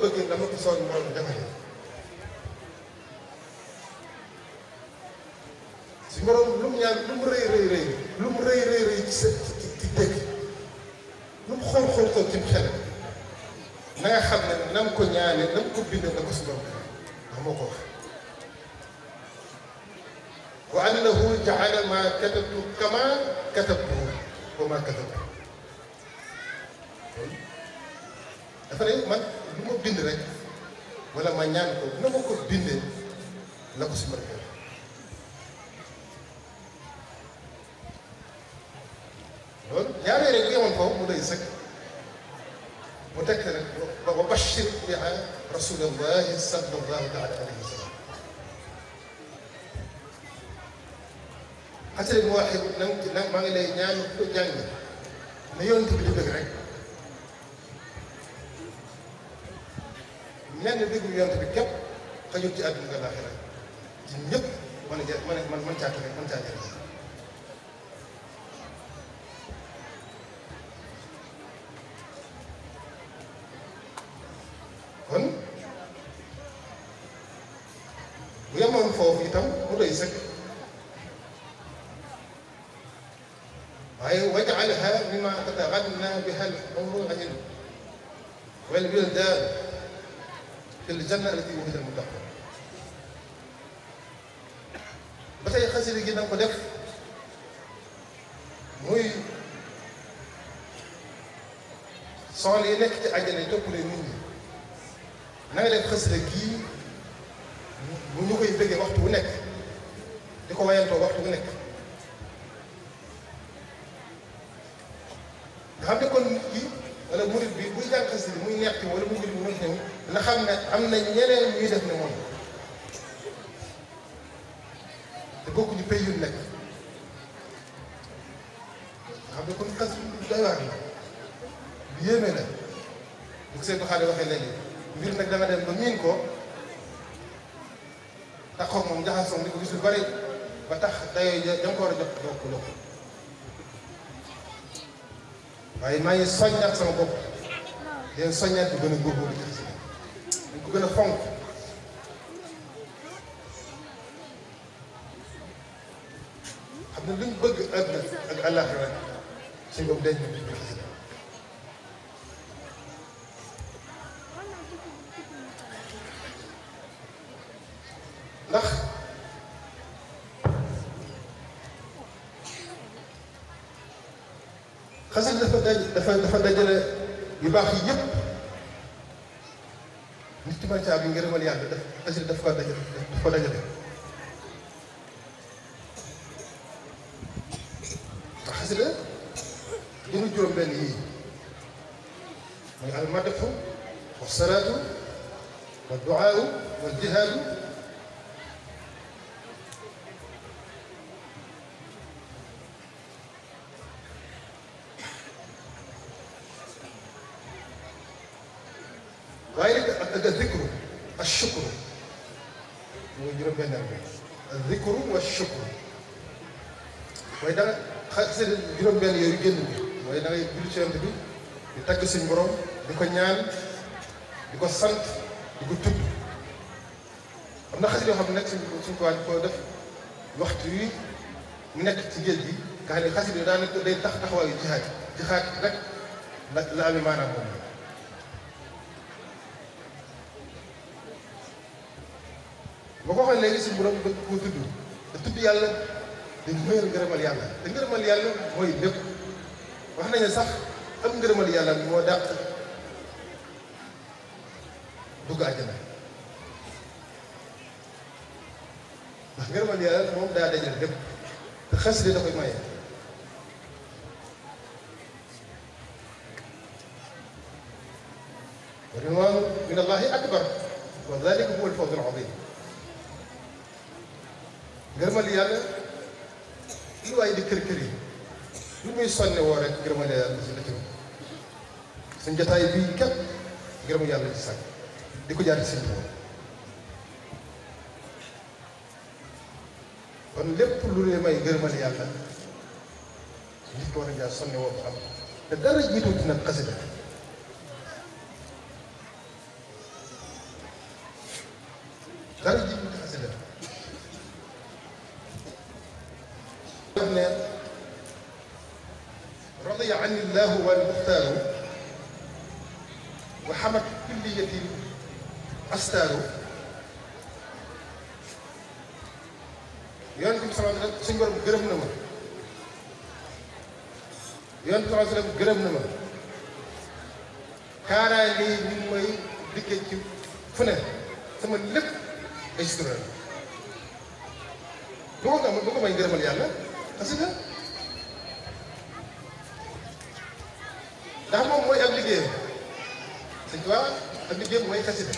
bëgg dama ko soñ moom defal si borom lu mu ñaan lu mu rëy rëy rëy lu mu rëy rëy rëy ci sa ci dëkk lu mu xool xool ko ci xel na nga xam ne na nga ko ñaane na nga ko bindee na ko si borom ndax moo ko wax wa annahu jaala ma katabtu kama katabtu wa ma katabtu dafa ne man lu ma bind rek wala ma ñaan ko na ma ko bindee la ko si mën a loolu ñaaree rek yemoon foofu mu doy sëkk mu teg nag wa bashir biha rasulallahi sallallahu taala alayhi wa sallam xasee mu waxee nag maa ngi lay ñaan ko jàng na yonent bi di bëgg rek. lenn déglu yonent bi képp xajul ci àdduna ak laaxira ci ñëpp mën a jël mën a mën caa mën caa jël kon bu yemoon foofu itam mu doy sëkk waaye wajalha mimma tataganna biha al umru al wal bildan la li janna allati u'idal muttaquun ba tey xasida gi na ko def muy soxla yi nekk ci àjjana joppalee nit ñi na nga def waxtu wu nekk di ko wayantoo waxtu nekk nga xam ne kon nit ki wala murit bi jàng xasida muy neex ci wala mu jël mu neex na xam ne am na ñeneen ñuy def ne moom te bokkuñu pays yu nekk nga xam ko Seydou léegi mbir nag da dem ba miin ko tax moom jaxasoom di ko gis tax dayoo ja danga maa ngi soññ ak sama bopp leen soññaat bi gën a góorgóorlu ci xasida dañ ko gën a fonk xam ne luñ bëgg àdduna ak àllaaxira rek suñ boobu denc bi ci xasida ndax xasida dafa daj dafa dafa dajale yu baax yi yëpp nit man caa bi ngërëmal yàlla daf asir daf ko dajale daf ko dajale xasida jëmu juróom benn yii muy almadxu wa salaatu wa duaau wa jihaadu الذكر الشكر الذكر والشكر وإلا خاصل جرم بين يرجل وإلا بلشان تبي يتاكو سنبرم ديكو نيان نعم، ديكو سنت ديكو تب أمنا خاصل يوحب نك سنكو عن كو دف boo ko waxee léegi si borom da koo tudd te tudd yàlla dañ mayal ngërëmal yàlla te ngërëmal yàlla mooy lépp wax nañu sax am ngërëmal yàlla moo dàq dugg àjjana ndax ngërëmal yàlla moom daa dajal lépp te xas li da koy maye wa ridwaanu min allahi akbar wa dalika huwa al fawzu al azim gërëmal yàlla li waaye di kër kër yi lu muy sonne rek gërëmal yàlla si la ci suñ jotaay bii képp gërëmal yàlla ci sàkk di ko jaar ci seen bopp kon lépp lu lay may gërëmal yàlla nit war a jaar sonne woo te dara jiitu dina xasida dara jiitu ani llahu wal muxtaaru wa xamat kulliyatin astaaru yonent bi sallallahu alayhi wasallam suñu borom gërëm na ma yonent bi sallallahu alayhi wasallam gërëm na ma kaaraay lii ñu ngi may dikkee ci fu ne sama lépp ay sutura la bu ko nga bu ko may ngërëmal yàlla parce que ndax moom mooy ak liggéeyam sëñ Tuubaa ak liggéeyam mooy xasida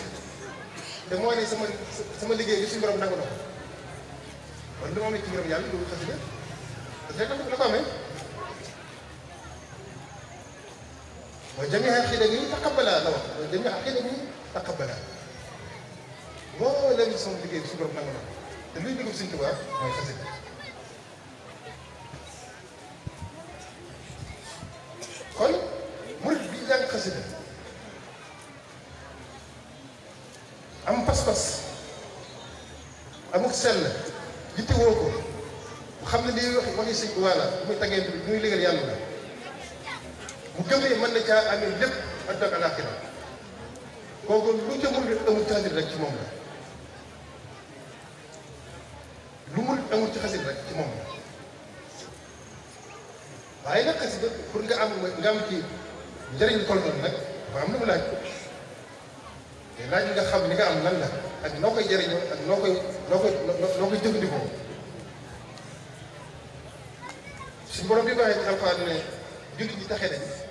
te moo ne sama sama liggéey bi suñu borom nangu na ko kon li ma amee ci ngërëm yàlla loolu xasida parce que dafa dafa amee wa jamiha xidami taqabala la wax wa jamiha xidami taqabala boo leen sama liggéey bi suñu borom nangu na ko te luy dugub sëñ Tuubaa mooy xasida sel yitte woko xamna xam wax waxi sëñ wala muy tagee bi muy légal yàlla la bu gëmee man na ca amé lépp ak àdduna ak xira koko lu ci mul amul ci rek ci mom la lu mul amul ci xasit rek ci mom la waye nak xasit pour nga am nga am ci njëriñ toll nak ba am na mu laaj laaj nga xam li nga am lan la ak noo koy jëriñoo ak noo koy noo koy noo koy jëfandikoo suñu borom bi baaxee ci alxuraan ne jullit ñi taxee nañ